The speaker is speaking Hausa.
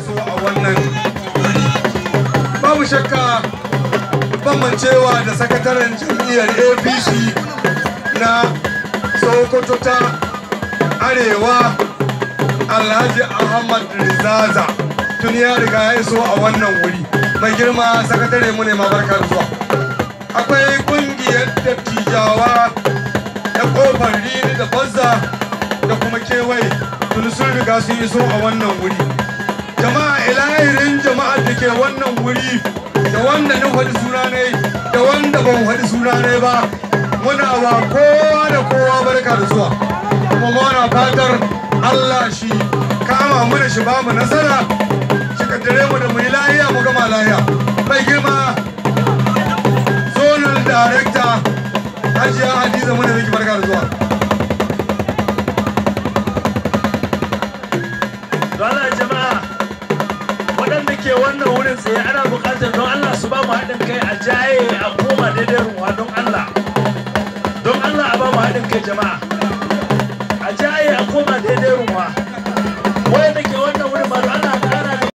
so a wannan babu shakka bambancewa da sakataren jam'iyyar apc na sokoto ta arewa alhaji ahmad rizaza tun ya riga ya iso a wannan wuri mai girma sakatare mu ne ma barkar zuwa akwai kungiyar dattijawa da kofar rini da bazza da kuma kewaye tun sun riga sun iso a wannan wuri ke wannan wuri da wanda na faɗi suna ne da wanda ban faɗi suna ne ba muna ba kowa da kowa barka da zuwa kuma muna fatar Allah shi kama mana shi ba mu nasara shi dare mu da mu yi lahiya mu gama lahiya mai girma zonal director hajiya hadiza muna miki barka da zuwa ke wannan wurin tsaye ana buƙatar don Allah su ba mu haɗin kai a jaye a koma daidai ruwa don Allah don Allah a ba mu haɗin kai jama'a